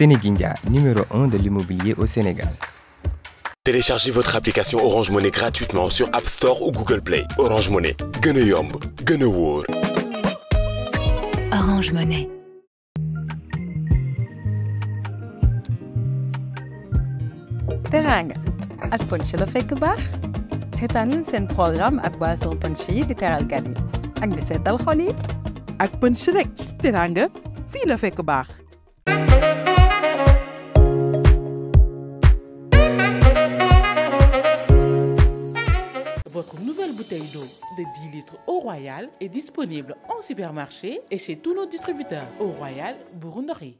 Sénéguindia, numéro 1 de l'immobilier au Sénégal. Téléchargez votre application Orange Money gratuitement sur App Store ou Google Play. Orange Money, gën yomb, gën Orange Money. Terang, ak Punch la fekk baax seetaan c'est un programme ak boisson Punch yi di teral ak di seetal ak Punch rek teraanga fi la fek baax. Royal est disponible en supermarché et chez tous nos distributeurs. Au Royal Burundi.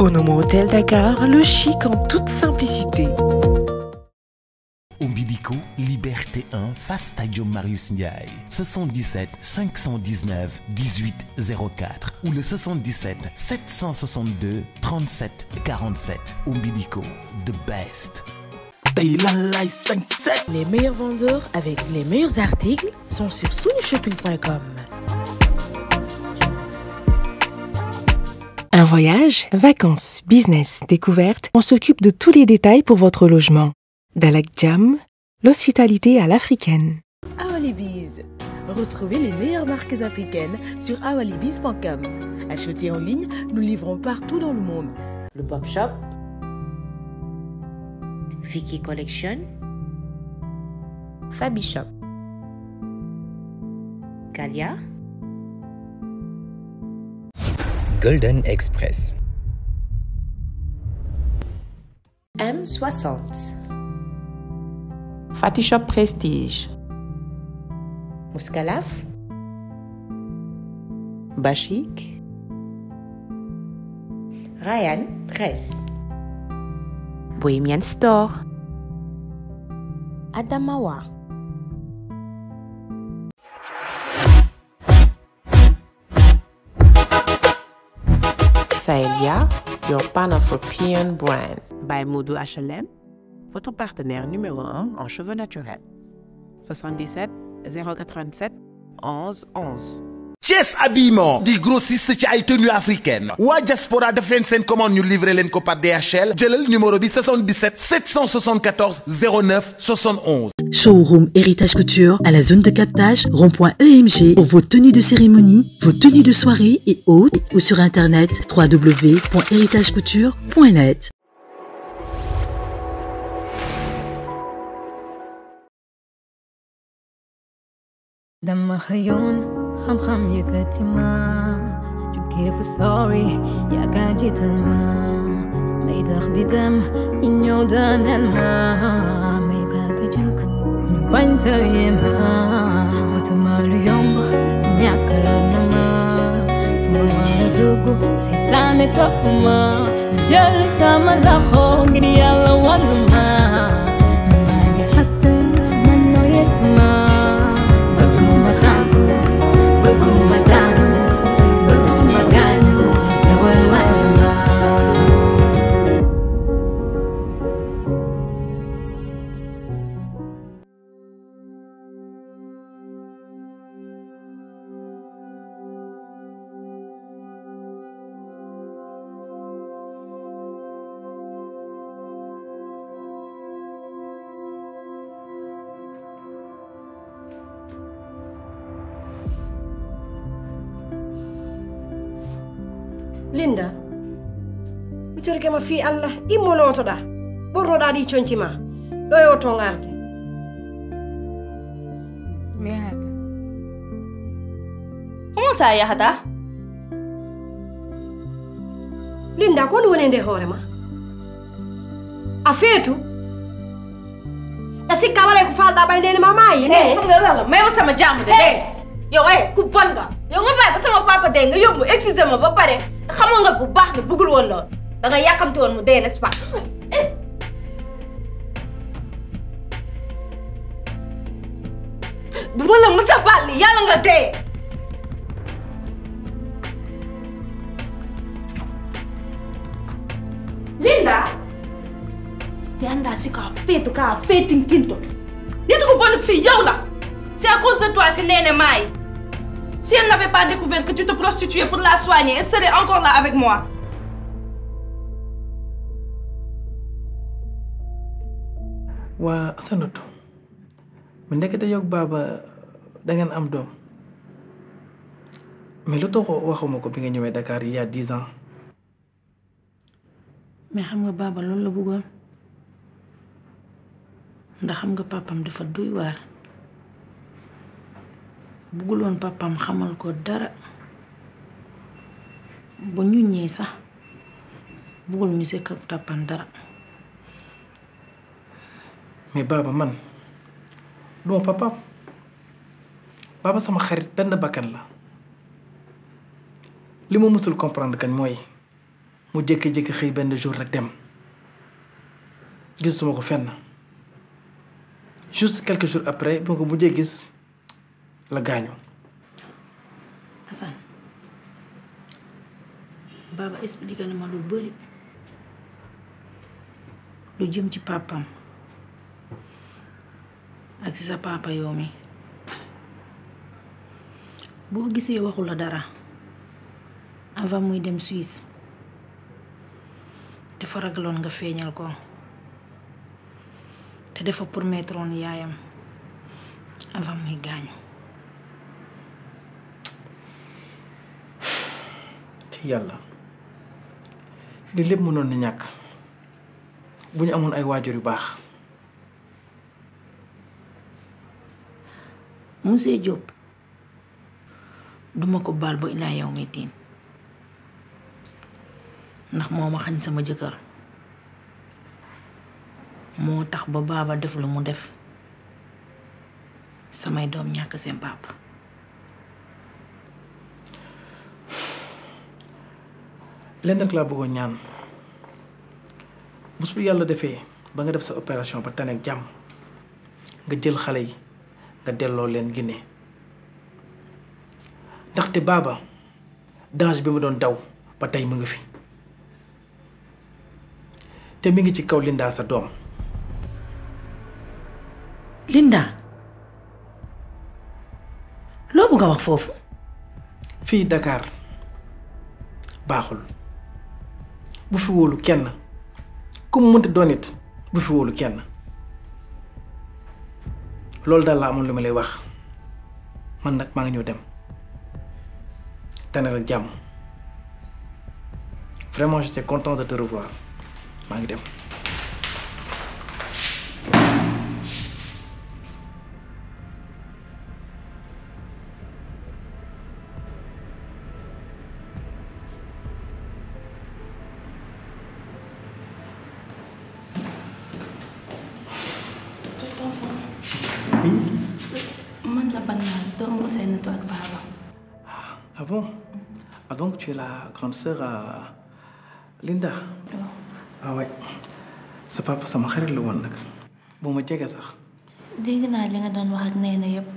Au Nomo Hôtel Dakar, le chic en toute simplicité. Ombilico, Liberté 1, face Stadium Marius Ndiaye. 77 519 1804 ou le 77 762 37 47. Ombilico, the best. Les meilleurs vendeurs avec les meilleurs articles sont sur Shopping.com Un voyage, vacances, business, découverte, on s'occupe de tous les détails pour votre logement. Dalak Jam, l'hospitalité à l'africaine. Awalibiz. Retrouvez les meilleures marques africaines sur awalibiz.com. Achetez en ligne, nous livrons partout dans le monde. Le Pop Shop Vicky Collection, Fabi Shop, Galia, Golden Express, M60, Fatishop Prestige, Muscalaf, Bashik, Ryan 13. Bohemian Store, Adamawa. Saelia, your pan-African brand. By Modo HLM, votre partenaire numéro 1 en cheveux naturels. 77 087 11 11. Thiès habillement di grossiste ci ay tenues africaines Wa diaspora de leen seen nous ñu livrer leen ko par DHL numéro 77 774 09 71. Showroom Héritage Couture à la zone de captage rond-point EMG pour vos tenues de cérémonie, vos tenues de soirée et autres ou sur internet www.heritagecouture.net Ham ham ya katima Juke for sorry ya kajitama May takhdidam Nyodan ma. May For Nubanta yema Watumalu yomba Nyakalam nama Fumama nadugu Sitane tapuma Jali sama lakhon Gini yala waluma yewtude ma fi allah borno da di chonchi ma do yo to garde mi yahata sa ya yahata linda ko woni woni nde hoore ma a feetu ɗa sikka waɗay e ko falɗa ɓaydeni ma mayi eallah mayma sama jamu de yo ay, eh, ku bonga yo nga ba sama papa de nga yobbu excuse ma ba pare xamoon nga bu baax ne bugul won loolu da nga yàqamti tu mu dee n'est-ce pas. du ma la mës a baal nga dee. Linda. Yanda si tin feetu k'a feetinkinto. Yatugu bonu fi yow la. C'est à cause de toi si Néné Maï. Si elle n'avait pas découvert que tu te prostituais pour la soigner, elle serait encore là avec moi. waa sanatu mu yok baba da ngeen am dom mais lu taxoo waxuma ko bi nga ñewé Dakar il y a dix ans mais xam nga baba loolu la bëggoon ndax xam nga papam dafa war bëggul won papam xamal ko dara bu ñu ñëw sax bëggul ñu ak dara mais baaba man duma papa baaba sama xarit benn bakkan la li ma mësul comprendre kañ mooy mu jékki-jékki xëy benn jour rek dem gisatuma ko fenn juste quelques jours après bi ma ko mujjee gis la gaañu Assane baaba expliqué na ma lu bëri lu jëm ci papam ak si sa papa yow mi boo gisee waxu la dara avant muy dem suisse dafa ragaloon nga feñal ko te dafa on yayam avant muy gañu ci yalla di lepp mënon na ñak buñ amone ay wajur yu bax Monsieur Diop duma ko bal bo ilaa yow mi tiin ndax moo sama jëkkër Mo tax ba baba def lu mu def samay dom ñak seen papa lenn rek la bëggoon ñaan Bu su Yalla défé ba nga def sa opération ba tané jam. nga jël xalé yi del le Dak te ba da bi muon daw bata yi mngu fi Temgi ci ka linda sa do Lindnda Lo bu gawa fofu fi dakar ba Bu fu woolu kenna ku mu donit bufu wolu kenna loolu daal laa amoon lu ma lay wax man nag maa ngi ñëw dem tane ak jàmm vraiment j'étais content de te revoir maa ngi dem. tu es la Linda. waaw waay sa papa sama xarit la woon nag bu ma jege sax. dégg naa li nga doon wax ak Néné yëpp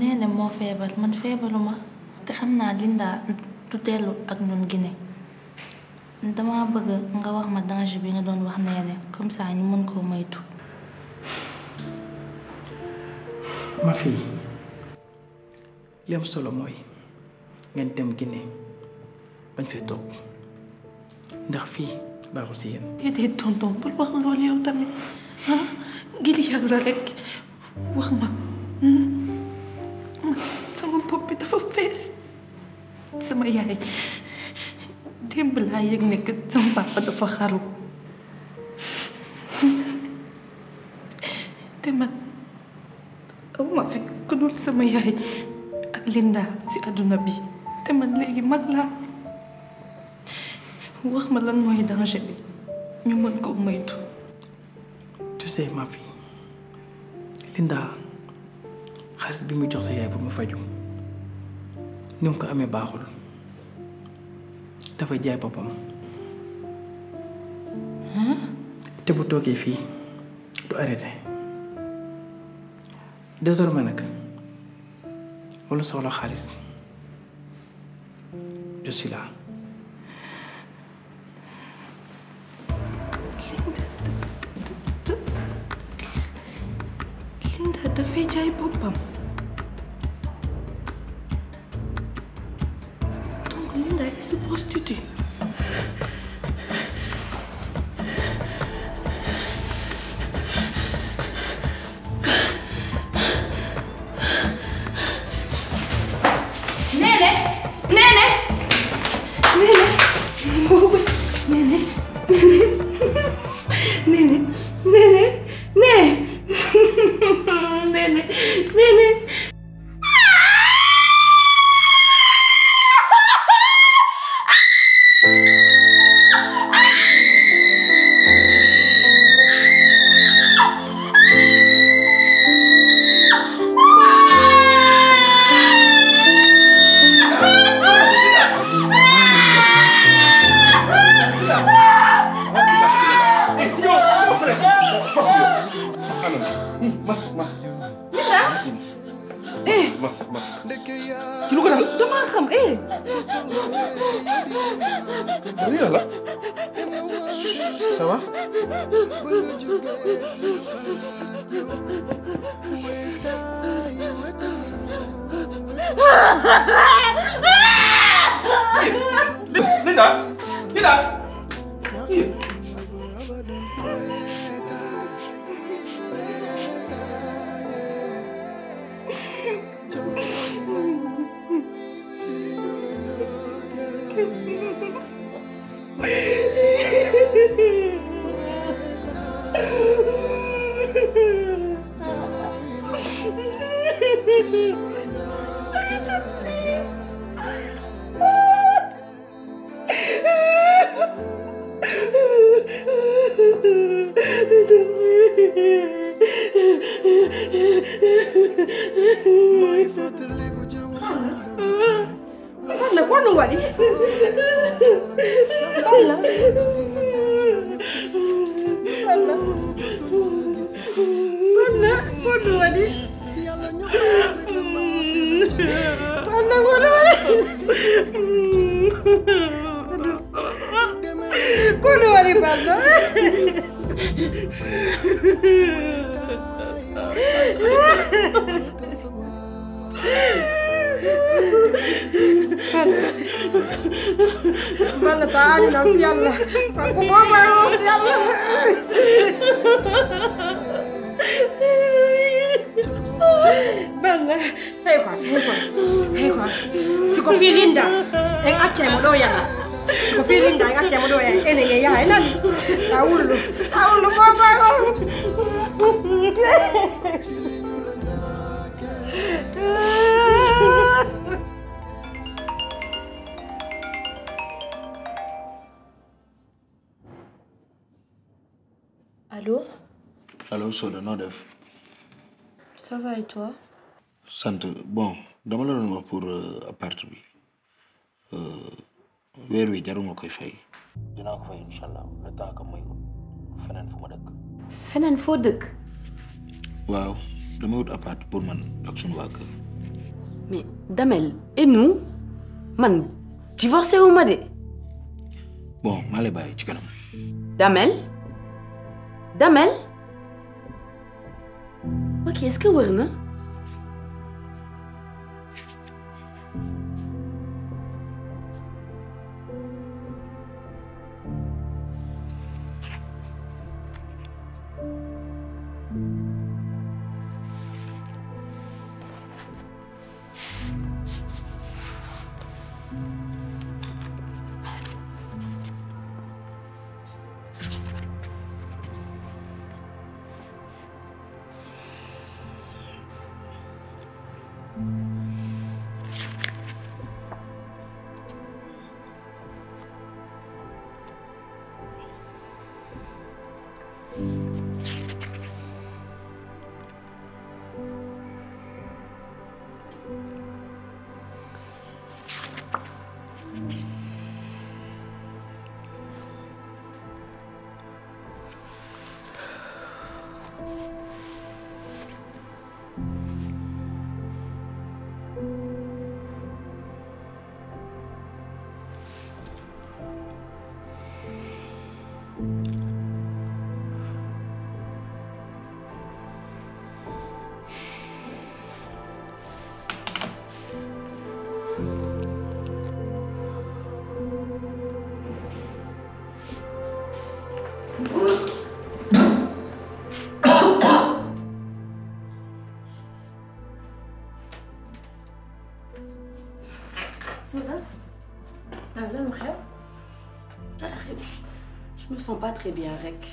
Néné moo feebar man feebaruma te xam naa Linda du dellu ak ñun Guinée dama bëgg nga wax ma danger bi nga doon wax Néné comme ça ñu mën koo moytu. ma fille li solo mooy. ngeen dem Guinée bañ fee toog ndax fii baaxul si yéen. déedéet wax loolu yow tamit ah gili yàlla rek wax ma hmm, sama bopp bi sama yaay démb laa yëg ne que sama papa dafa xaru fi ku sama yaay ak Linda si àdduna bi. te man léegi mag laa wax ma lan mooy danger bi ñu mën ko moytu. tu sais ma fille Linda xaalis bi muy jox sa yaay bu ma faju ni mu ko amee baaxul dafa jaay boppam. te bu toogee fii du arrêté désormais nag walla soxla xaalis. je suis là. Linda tu, déjà jaay papa hein. donc Linda est prostituée Rire là Ça Linda Linda Vale, tani na fiala. Kuma ba na fiala. Bella, hei qua, hei qua, hei qua. Su con figlia Linda, e ngaccia mo doia. Con figlia Linda, e ngaccia mo doia. E ne ya e nan. Taulu, taulu ba ba. Allô Allô, Sodanodef. Ça va et toi Sant bon dama la doon wax pour euh, appart bi euh, weer wi jaruma koy fay. dinaa ko fay incha allah le temps que may feneen fu ma dëkk. feneen foo dëkk. waaw. dama wut appart pour man ak suñu waa kër. mais Damel et nous man divorcé ou madé bon maa lay bàyyi ci kanam. Damel Damel ok est-ce que wër na. Je me sens pas très bien, Rek.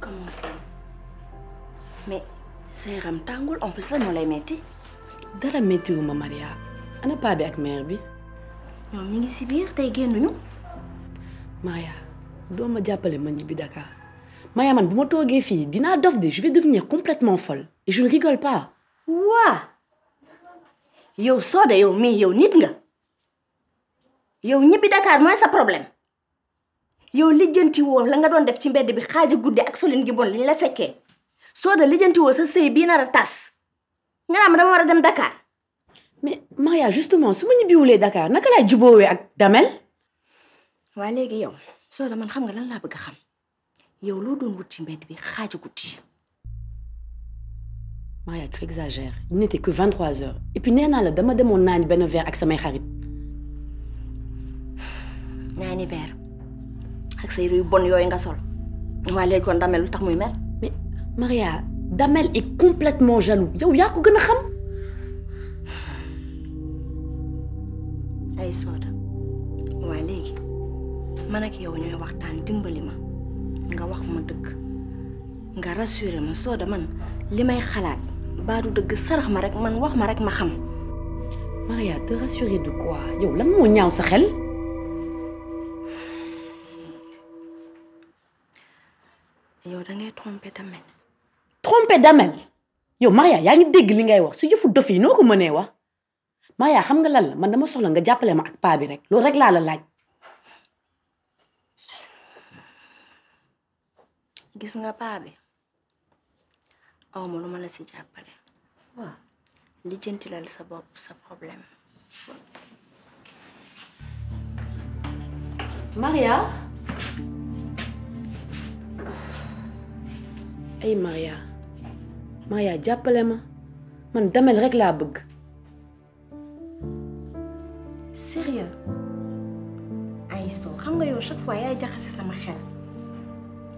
Comment ça Mais c'est Ram m'tangoul, en plus là, nous l'a metti. Dara metti ou ma Maria. Ana pas avec mère bi. ñoom ñi ngi si biir tey génnuñu. Maria, doo ma jàppale ma ñibbi Dakar Maya man bu ma toogee fii dof de je vais devenir complètement folle et je ne rigole pas. waa yow soo de yow mii yow nit nga yow ñibbi Dakar c'est sa problème yow lijjanti wo la nga doon def ci mbedd bi xaaji guddi ak solin gi bon liñ la fekkee soo da lijjanti woo sa sëy bii nar a tas nga naa ma dama war a dem Dakar. mais Maria justement su ma ñibbiwulee Dakar naka laay juboowee ak Damel. waa léegi yow soo da man xam nga lan laa bëgg xam yow loo doon wut ci mbedd bi xaaji guddi. Maria tu exagères il n'était que 23 heures et puis nee naa la dama demoon naani benn verre ak samay xarit. naani verre ak say bonne bon nga sol Damel mais Maria Damel est complètement jaloux yow ya ko gëna xam. ay Soda man yow waxtaan nga wax ma dëgg nga rassurer Soda man dëgg sarax ma rek man wax ma rek ma xam. Maria te rassurer de quoi yow lan sa xel. yow da ngay tromper Damel. tromper Damel yaa ngi dégg li ngay wax su yëfu dof yi noo ko mënee wax xam nga lan la man dama soxla nga jàppale ma ak paa bi rek loolu rek laa la gis nga paa bi aw ma lu ma la si jàppale. waaw lijjanti la sa bopp sa problème. اي مايا مايا جابلما من دمل غيك لابق سيريا اي سو خنغو يو شك فوايا جا خسس مخل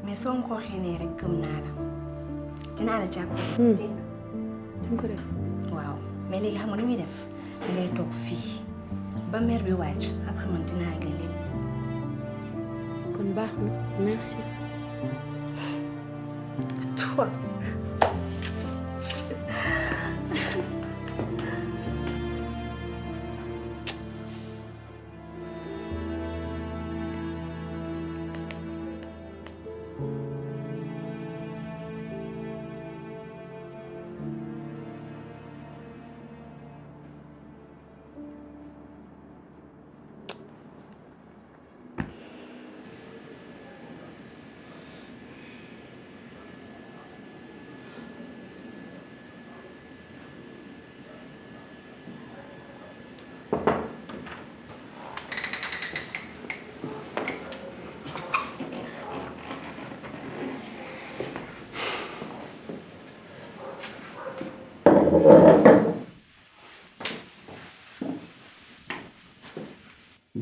مي سو نكو خيني ركم نارا جنالا جابل تنكو ريف واو ملي هامو نمي ريف ngay toog fii ba mer bi wàcc après man dinaa ak leen kon baax na merci 错了。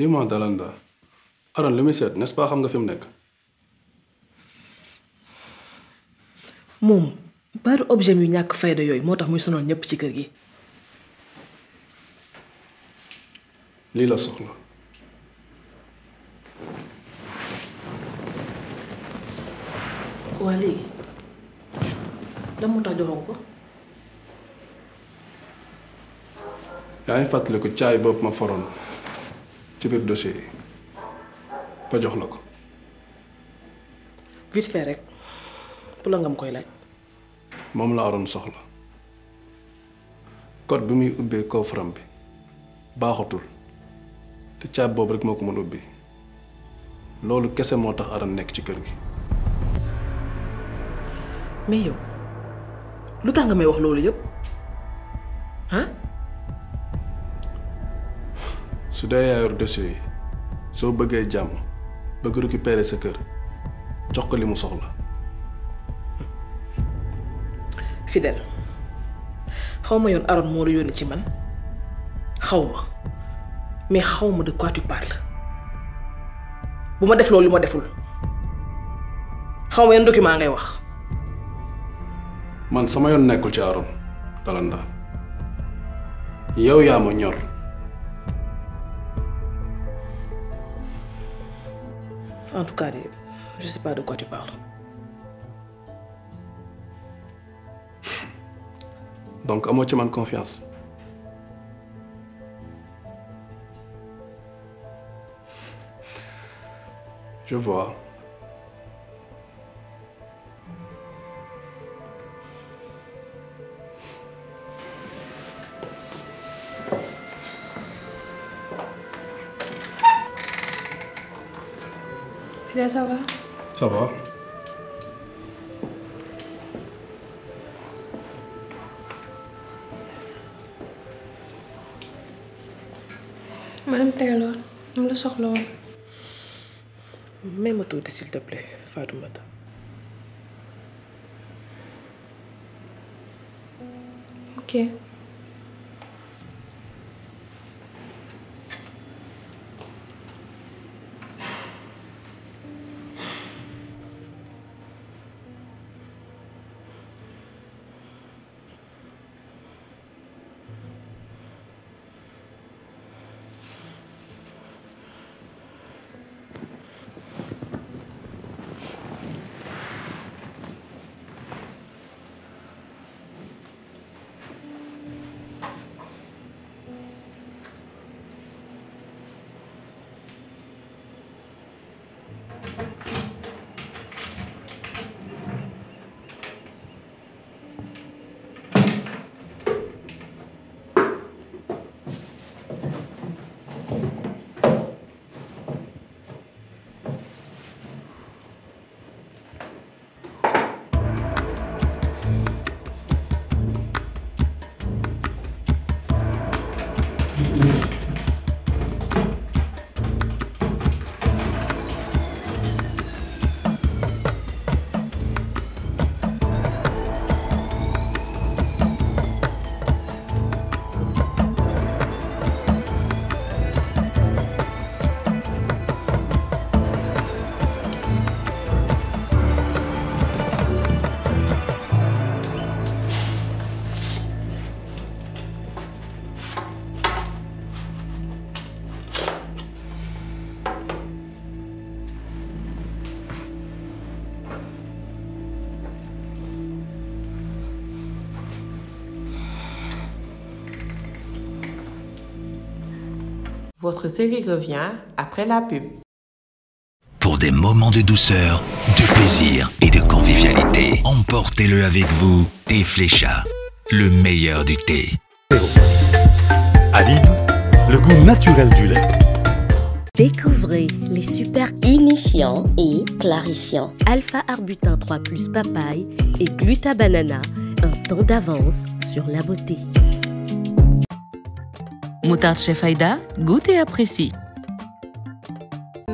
Dis-moi, Dalanda, Aran li muy seet n'est-ce pas xam nga fi mu nekk moom baaru objet yu ñàkk fayda yooyu moo tax muy sonal ñëpp ci kër gi lii la soxla waa léegi ko ma ci biir dossier yi ba jox la ko. vite fait rek pour la nga ma koy laaj. moom la aroon soxla kot bi muy ubbee coffre-fort bi baaxatul te caabi boobu rek moo ko mën ubbi loolu kese moo tax Aram nekk ci kër gi. mais yow lu tax nga may wax loolu yëpp su ya, yaayor sih. dossier yi soo bëggee jàmm bëgg récupérer sa kër jox ko li mu soxla fidèle xaw ma yoon aron moo la yónni ci man xaw ma mais xaw ma de quoi tu parles bu ma def loolu li ma deful xaw ma yan document ngay wax man sama yoon nekkul ci aron dalanda yow yaa ma ñor En tout cas, je ne sais pas de quoi tu parles. Donc, à moi, tu manques confiance. Je vois. ça va Ça va. Madame dem tey lool mu la Mets woon. may ma tuuti s'il te plaît Fatoumata. ok. Votre série revient après la pub. Pour des moments de douceur, de plaisir et de convivialité, emportez-le avec vous, des Flécha, le meilleur du thé. Alib, le goût naturel du lait. Découvrez les super unifiants et clarifiants. Alpha Arbutin 3 plus papaye et Gluta Banana, un temps d'avance sur la beauté. Moutarde Chef Aïda, goûte et apprécie.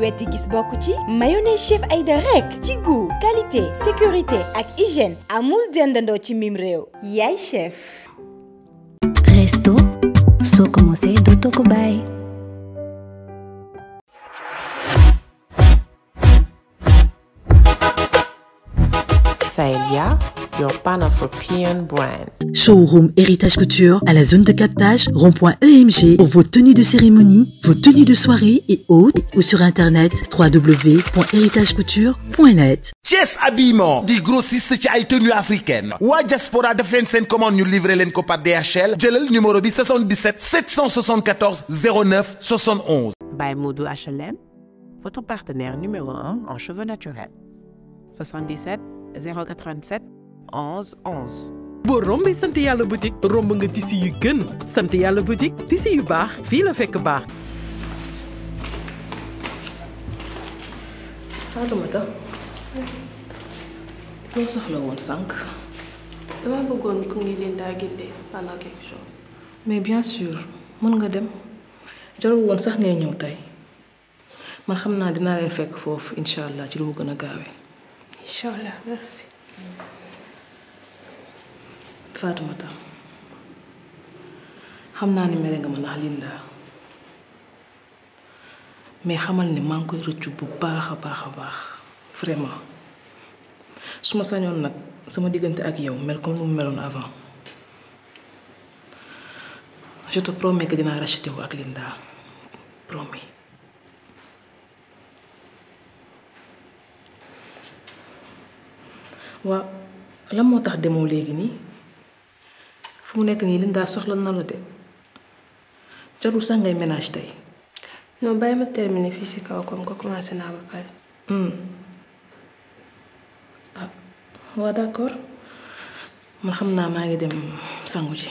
wetti gis bokk ci mayonnaise chef Aïda rek ci goût qualité sécurité ak hygiène amul dendandoo ci mim réew yaay chef resto soo ko mosee dootoo Saelia your pan-African brand. Showroom Héritage Couture à la zone de captage rond.emg pour vos tenues de cérémonie, vos tenues de soirée et autres ou sur internet www.heritagecouture.net. Chess Habillement des grossiste ci ay tenues africaines ou diaspora de leen seen commande nous livré par DHL le numéro 77 774 09 71. By Modo HLM, votre partenaire numéro 1 en cheveux naturels. 77 087 11 11. boo rombee sant yàlla boutique romb nga tissu yu gën sant yàlla boutique tissu yu baax fii la fekk baax. Fatoumata loo soxla woon sànq. dama bëggoon ku ngi leen daa gindee mais bien sûr mën nga dem jarul woon sax ngay ñëw tey man xam naa dinaa leen fekk foofu incha allah ci lu mu gën a gaawee. Fatoumata xam naa ni mere nga ma ndax mais xamal ni maa ngi koy rëccu bu baax a baax a baax vraiment su ma sañoon nag sama diggante ak yow mel comme lu mu meloon avant je te promets dinaa racheter wu ak lindaa promis. waa lan moo tax demoo léegi nii. fu mu nekk nii daal soxla na la de jarul sax ngay ménage tey. non bàyyi ma terminer fii si kaw comme que commencé naa ba pare. Hmm. ah waa d'accord man xam naa maa ngi dem sangu ji.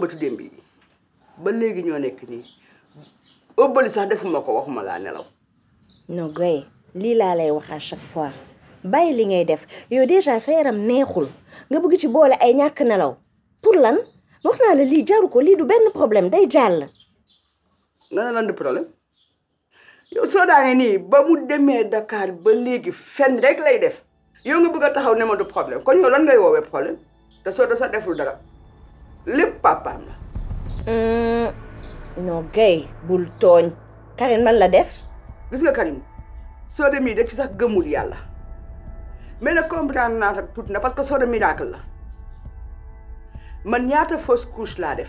ba démb yi ba léegi ñoo nekk nii ëbbali sax defuma ko waxuma laa nelaw non Gaye lii laa lay wax à chaque fois bàyyi li ngay def yow déjà sa yaram neexul nga bëgg ci boole ay ñàkk nelaw pour lan wax naa la lii jaru ko lii du benn problème day jàll nga ne lan di problème yow soo daanee nii ba mu demee Dakar ba léegi fen rek lay def yow nga bugg a taxaw ne ma du problème kon yow lan ngay woowee problème te soo da deful dara lépp papaam la. Euh, non bul tooñ. Karim man la def. gis nga Karim Sodé mii da ci sax gëmul yàlla mais nag comprendre naa tam tuuti na parce que Sodé miracle la man ñaata fos couche laa def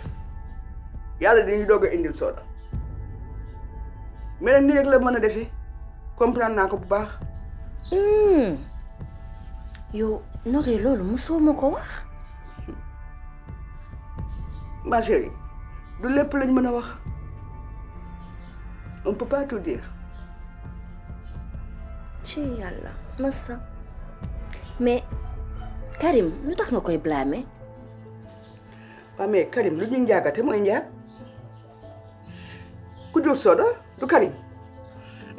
yàlla dañuy doog a indil Sodé mais nag nii la mën a defee comprendre naa ko bu baax. Hmm. yow Nogay loolu mosoo ma ko wax. ma yi du lépp lañ mën wax on peut pas tout dire ci yàlla massa mais karim lu tax nga koy blâmer waa mais karim lu ñu njaagate mooy njaag ku jur soda du karim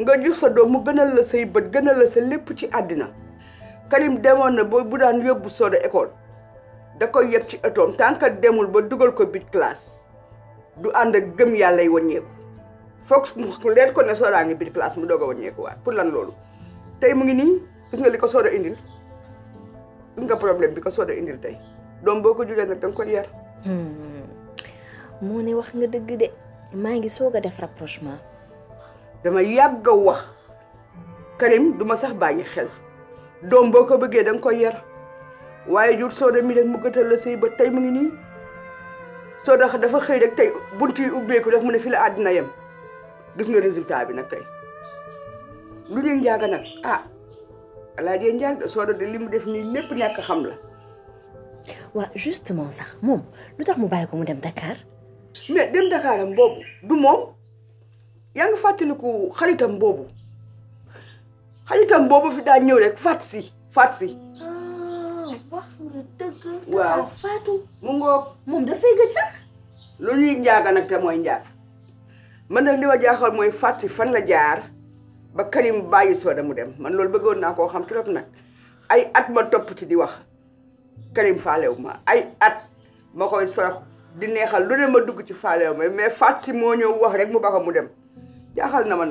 nga jur sa doom mu gënal la say bët gënal la sa lépp ci àddina karim demoon na bu daan yóbbu soda école da koy yëpp ci otoom tant que demul ba dugal ko biir classe du ànd ak gëm yàlla yi wàññeeku foog mu leen ko ne Soda ngi biir classe mu doog a wàññeekuwaat pour lan loolu. tey mu ngi nii gis nga li ko Soda indil gis nga problème bi ko Soda indil tey doom boo ko juree nag da nga koy yar. Hmm. wax nga dëgg de maa ngi soog a def rapprochement. dama yàgg a wax Karim du ma sax bàyyi xel doom boo ko bëggee da nga koy yar. waaye jur sooda mi mu gëtal la sëy ba tey mu ngi nii sooda dafa xëy rek tey bunt yi ubbeeku rek mu ne fi la yem gis nga résultat bi nag tey lu leen nag ah laa dee li mu def nii lépp ñàkk xam la waaw sax moom lu tax mu bàyyi ko mu dem Dakar mais dem Dakaram boobu du moom yaa ngi fàttaliku xaritam boobu xaritam boobu fi daal ñëw rek fàtt si fàtt si dëgg waaw Fatou mu ngoog moom dafay gëj sax lu ñuy njaaga nag te mooy njaag man nag li ma jaaxal mooy fàtti fan la jaar ba Karim bàyyi Soda mu dem man loolu bëggoon naa koo xam trop nag ay at ma topp ci di wax Karim faalewu ma ay at ma koy sorox di neexal lu ne ma dugg ci faalewu ma mais fàtti moo ñëw wax rek mu baka mu dem jaaxal na ma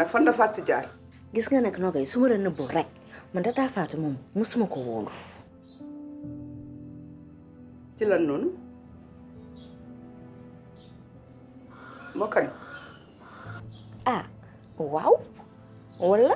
la noon moo kañ ah waaw walla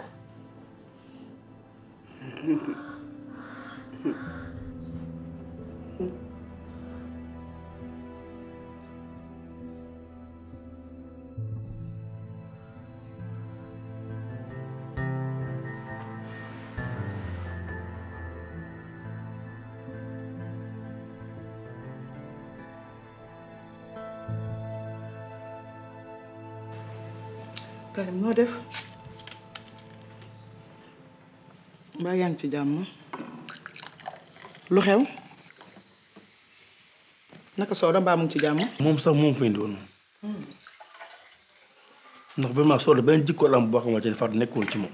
Karim deh, def mbaa yaa ngi ci jàmm lu xew naka Soda mbaa mu ngi ci jàmm. moom sax moom fa indiwoon ndax vraiment Soda benn jikko ne Fatou nekkoon ci moom.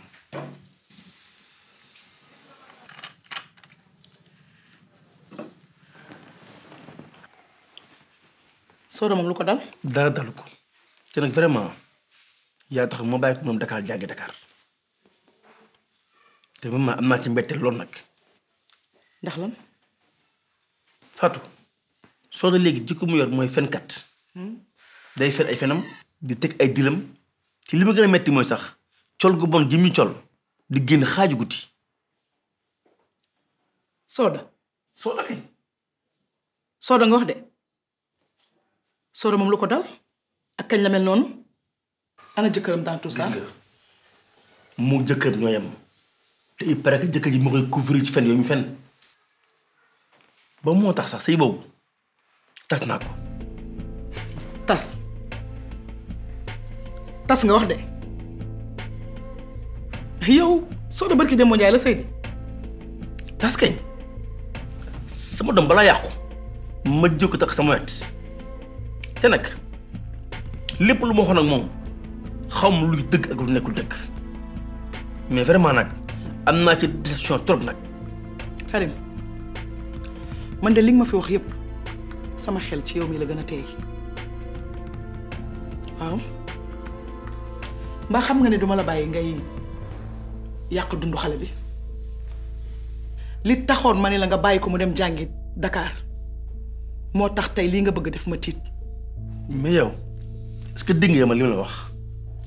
Soda moom lu ko dal. dara dalu ko te vraiment. yaa tax ma bàyyi ko moom Dakar jàngi Dakar te moom ma am naa ci mbetteel lool nag. ndax lan. Fatou soo léegi jikko mu mooy fenkat hmm? day fen ay fenam di teg ay dilam ci li ma gën a metti mooy sax col gu bon gi muy di génn xaaju guddi. Soda. Soda nga wax de. Soda moom lu ko dal ak kañ la mel noonu. ana je dans tout ça. mu jëkkër ñoo yem et il paraît que ji moo koy je fen yooyu fen ba moo tax sax sëy boobu tas naa tas tas nga wax de yow ne de barki la sëy di tas kañ sama doom balaa yàqu ma jëkk que sama wet te nag lépp xawma luy dëgg ak lu nekkul dëgg mais vraiment nag am ci déception trop Karim man de fi wax sama xel ci yow mi la gën a waaw mbaa xam nga ne duma la bàyyi ngay yàq dundu bi li la nga Dakar mo tax tey lii nga bëgg def ma tiit mais yow est-ce que ma li wax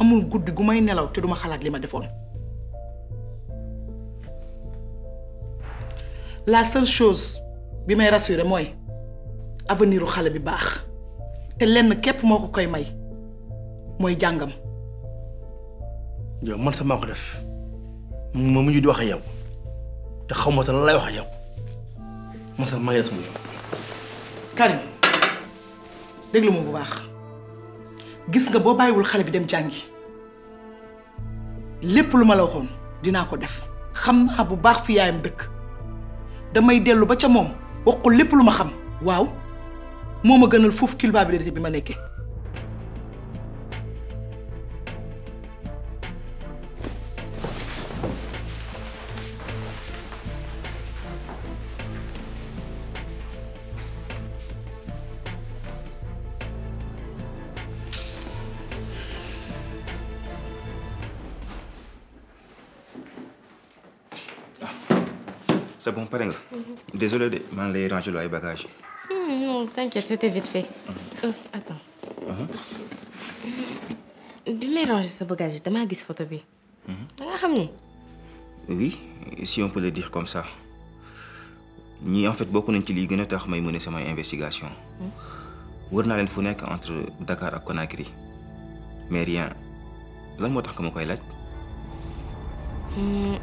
amul guddi gu may nelaw te duma xalaat li ma defoon la seule chose bi may rassurer mooy aveniru xale bi baax te lenn képp moo ko koy may mooy jàngam. yow man sa maa ko def ma mujj di wax ak yow te xaw ma sax lan lay wax ak yow man sax maa ngi des sama yow. Karim déglu ma bu baax. gis nga bo bayiwul xale bi dem jàngi lépp luma la waxon dina ko def xamna bu bax fi yaayam dëkk damay delu ba ca mom waxu lépp luma xam waw moma gënal fuf kilba bi bi bima nekké c'est bon pare nga. Mhm. désolé de maa ngi lay ranger ay bagages. Hmm, t'inquiète c'était vite fait. Mhm. Euh, attends. Mhm. bi may ranger ce bagage yi damaa gis photo bi. da nga oui si on peut le dire comme ça Ni en fait beaucoup nañ ci lii gën a tax may mener samay investigation hmm. wër naa fu entre Dakar ak Conakry mais rien lan moo tax ka ma koy là? Hmm,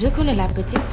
je connais la petite.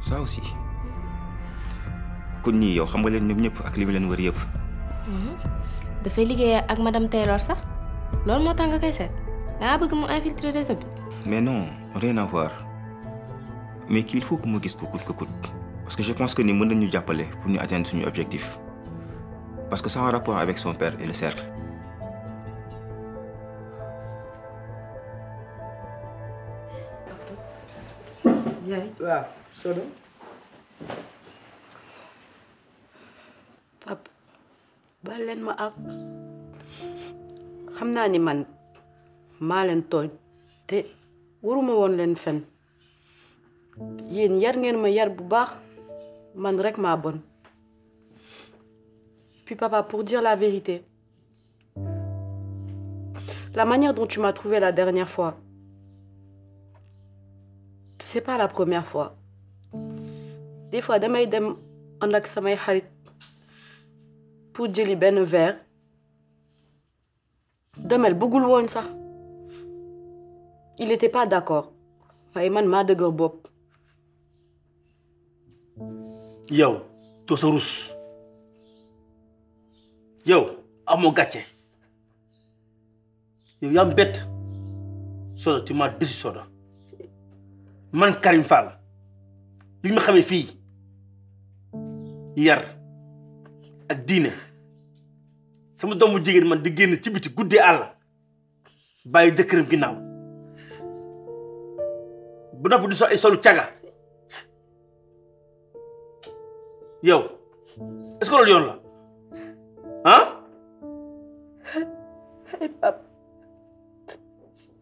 ça aussi kon ñii yow xam nga len ñoom ñep ak li mu leen wër yëpp. Mhm. dafay liggéey ak madame Taylor sax Lool mo tax nga koy seet bëgg mu infiltrer réseau bi. mais non rien à voir mais qu'il faut que ma gis ko coûte ko coûte parce que je pense que ni mën nañu jappalé pour ñu atteindre suñu objectif parce que ça a un rapport avec son père et le cercle. waaw. Sodome pap balen ma ak Hamna ni man malen toy. Te, te ma won len fen yéen yar ngeen ma yar bu baax man rek ma bon puis papa pour dire la vérité la manière dont tu m'as trouvé la dernière fois c'est pas la première fois des fois damay dem ànd ak samay xarit pour jëli un verre Damel bëggul woon sax il n'était pas d'accord waaye man maa dëgër bopp. yow yow amoo gàcce yow yaa tu m'as déçu Soda man Karim Fall li ma yar ak diine sama doomu jigéen man di génn ci biti guddee àll bàyyi jëkkëram ginnaaw bu nopp di so ay solu caga yow est-ce que loolu yoon la ah hey papa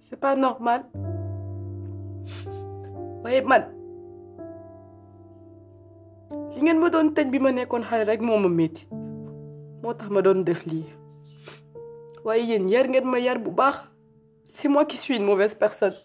c'est pas normal waaye man li ngeen ma doon tëj bi ma nekkoon xale rek moo ma métti moo tax ma doon def lii waaye yéen yar ngeen ma yar bu baax c'est moi qui suis une mauvaise personne.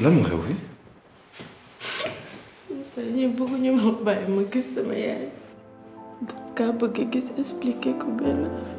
lan moo xew fii ñu bëgguñu ma bàyyi ma gis sama yaay kaa bëgg gis expliquer ko benn affaire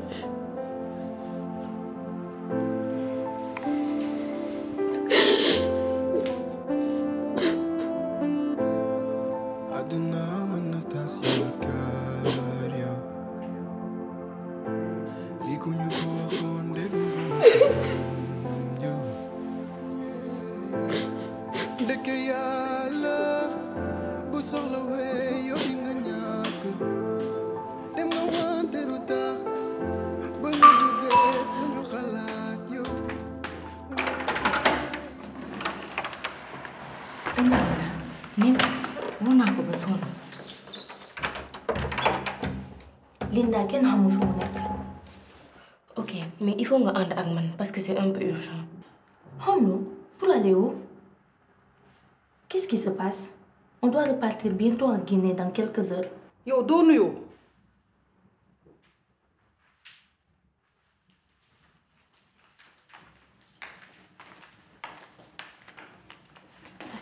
bientôt en Guinée dans quelques heures. Yo, donne yo.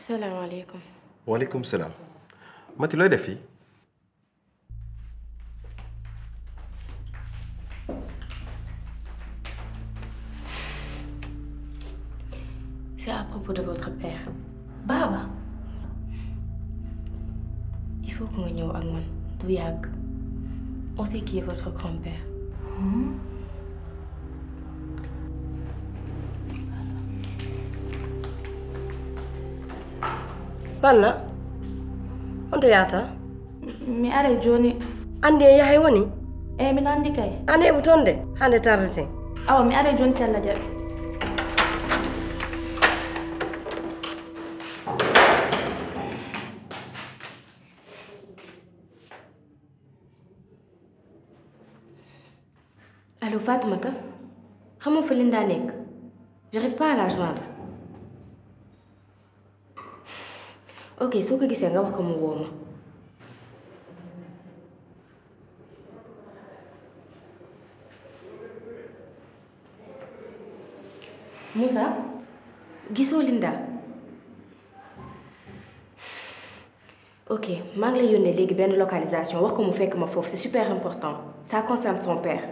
السلام عليكم وعليكم السلام ما تلوي ده فيه on sait qui est votre grand-père. Hmm? Panna, on te yata? Mais allez, Johnny. Andi, e y'a hé wani? Eh, mais n'andi kai. Andi, y'a e boutonde. Andi, tardi. Ah, mais e allez, Johnny, c'est la jambe. Fatoumata xamoo fa Linda nekk j'arrive pas à la joindre ok soo ko gisee nga wax ko mu woo ma Moussa gisoo Linda ok maa ngi lay yónnee léegi localisation wax ko mu fekk ma foofu c'est super important ça concerne son père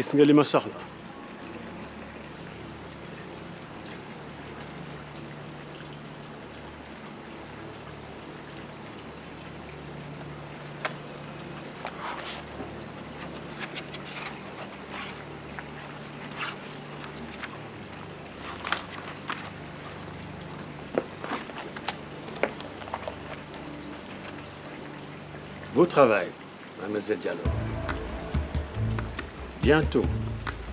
gis nga li ma soxla Beau travail, mademoiselle Diallo bientôt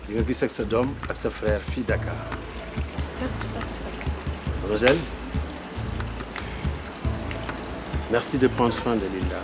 il nga saxodome à sa frère fille Dakar. merci merci de prendre soin de Lila.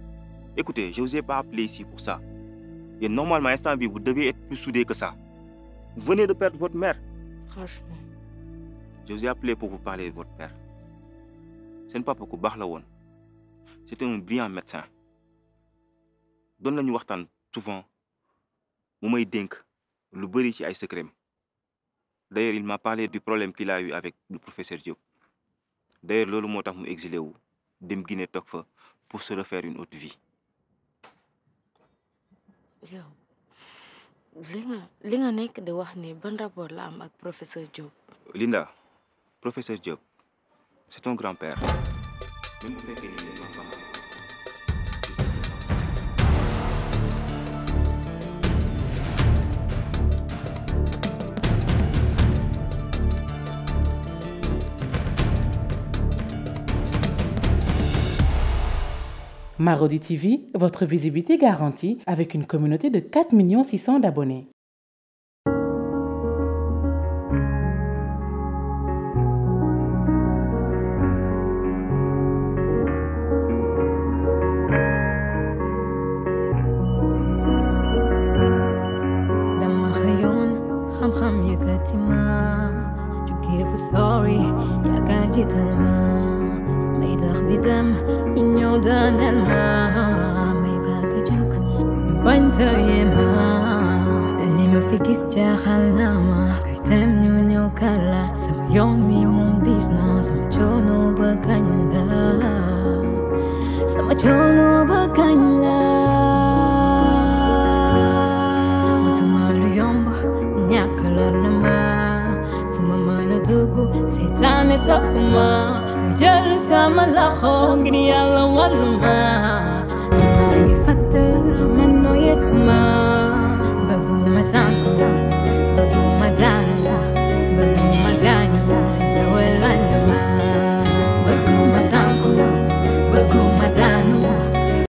Écoutez, je ne vous ai pas appelé ici pour ça. Et normalement, vous devez être plus soudé que ça. Vous venez de perdre votre mère. Franchement. Je vous ai appelé pour vous parler de votre père. Ce n'est pas pour que C'était un brillant médecin. Donne la souvent. Dink, le bruit qui a D'ailleurs, il m'a parlé du problème qu'il a eu avec le professeur Diop. D'ailleurs, lolo motax exilé pour se refaire une autre vie. yow li nga nekk di wax ni ban rapport la am ak professeur Diop. Linda professeur Diop c'est ton grand-père. Marodi TV, votre visibilité garantie avec une communauté de 4 600 d'abonnés.